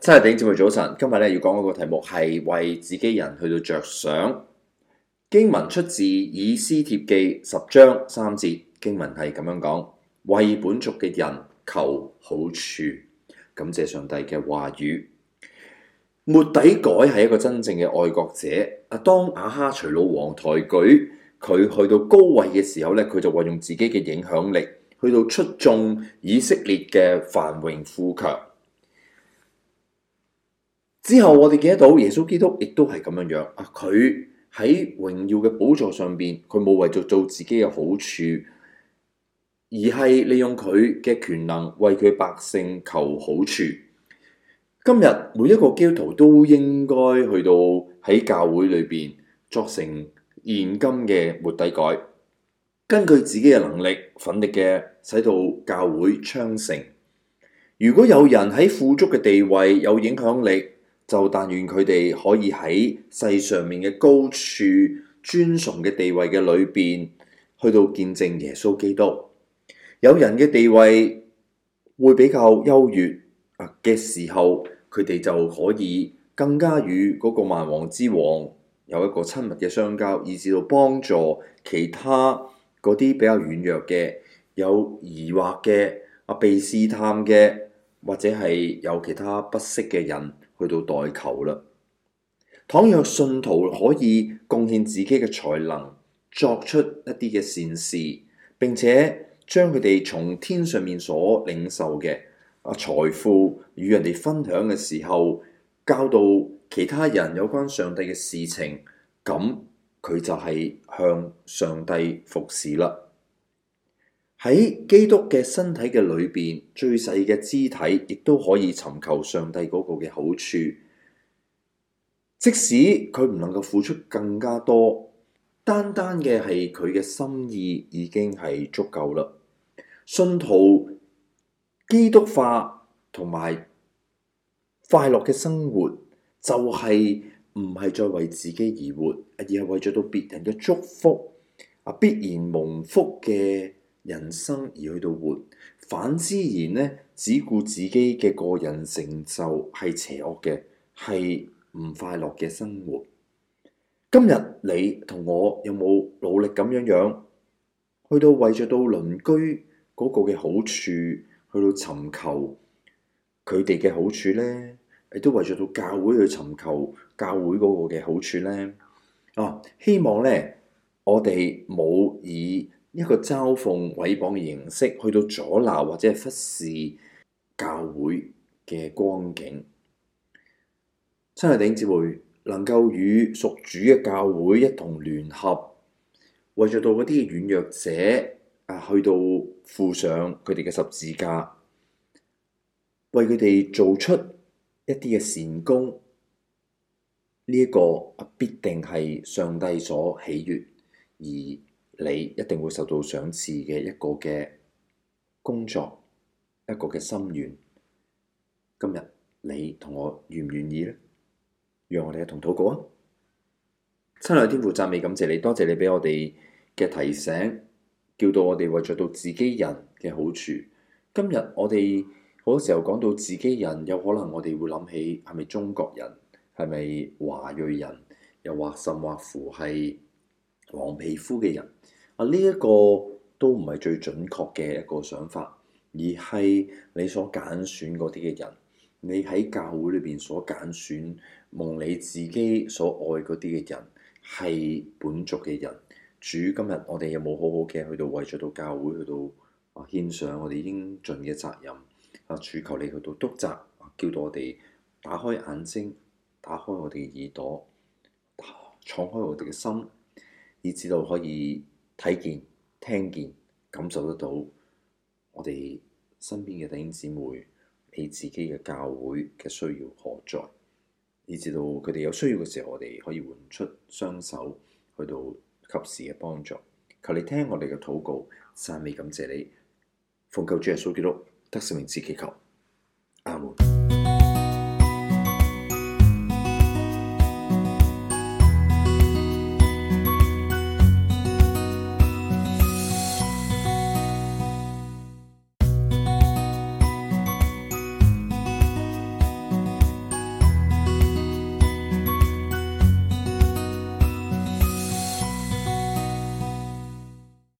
真係頂姐妹早晨，今日咧要講嗰個題目係為自己人去到着想。經文出自以斯帖記十章三節，經文係咁樣講：為本族嘅人求好處，感謝上帝嘅話語。末底改係一個真正嘅愛國者。阿當亞哈隨魯王抬舉佢去到高位嘅時候咧，佢就運用自己嘅影響力去到促進以色列嘅繁榮富強。之後我哋見得到耶穌基督亦都係咁樣樣啊！佢喺榮耀嘅寶座上邊，佢冇為咗做自己嘅好處，而係利用佢嘅權能為佢百姓求好處。今日每一個基督徒都應該去到喺教會裏邊作成現今嘅末底改，根據自己嘅能力，奮力嘅使到教會昌盛。如果有人喺富足嘅地位有影響力，就但願佢哋可以喺世上面嘅高處尊崇嘅地位嘅裏面去到見證耶穌基督。有人嘅地位會比較優越嘅時候，佢哋就可以更加與嗰個萬王之王有一個親密嘅相交，以至到幫助其他嗰啲比較軟弱嘅、有疑惑嘅啊、被試探嘅，或者係有其他不安適嘅人。去到代求啦。倘若信徒可以貢獻自己嘅才能，作出一啲嘅善事，並且將佢哋從天上面所領受嘅啊財富與人哋分享嘅時候，教導其他人有關上帝嘅事情，咁佢就係向上帝服侍啦。喺基督嘅身體嘅裏邊，最細嘅肢體亦都可以尋求上帝嗰個嘅好處，即使佢唔能夠付出更加多，單單嘅係佢嘅心意已經係足夠啦。信徒基督化同埋快樂嘅生活，就係唔係再為自己而活，而係為咗到別人嘅祝福啊，必然蒙福嘅。人生而去到活，反之然呢，只顧自己嘅個人成就係邪惡嘅，係唔快樂嘅生活。今日你同我有冇努力咁樣樣，去到為著到鄰居嗰個嘅好處，去到尋求佢哋嘅好處呢？亦都為著到教會去尋求教會嗰個嘅好處呢？啊，希望呢，我哋冇以。一個嘲諷、毀謗嘅形式，去到阻撓或者係忽視教會嘅光景。親愛弟兄姊妹，能夠與屬主嘅教會一同聯合，為咗到嗰啲軟弱者啊，去到負上佢哋嘅十字架，為佢哋做出一啲嘅善功，呢、這、一個必定係上帝所喜悅而。你一定會受到賞賜嘅一個嘅工作，一個嘅心願。今日你同我願唔願意呢？讓我哋一同禱告啊！親愛嘅天父，讚美感謝你，多謝你俾我哋嘅提醒，叫到我哋為著到自己人嘅好處。今日我哋好多時候講到自己人，有可能我哋會諗起係咪中國人，係咪華裔人，又或甚或乎係。黃皮膚嘅人啊，呢、這、一個都唔係最準確嘅一個想法，而係你所揀選嗰啲嘅人，你喺教會裏邊所揀選蒙你自己所愛嗰啲嘅人係本族嘅人。主今日我哋有冇好好嘅去到為咗到教會去到啊，獻上我哋應盡嘅責任啊，主求你去到督責、啊、叫到我哋打開眼睛，打開我哋嘅耳朵，敞、啊、開我哋嘅心。以至到可以睇見、聽見、感受得到我哋身邊嘅弟兄姊妹，你自己嘅教會嘅需要何在？以至到佢哋有需要嘅時候，我哋可以換出雙手去到及時嘅幫助。求你聽我哋嘅禱告，讚美感謝你，奉救主耶穌基督得勝名字祈求阿門。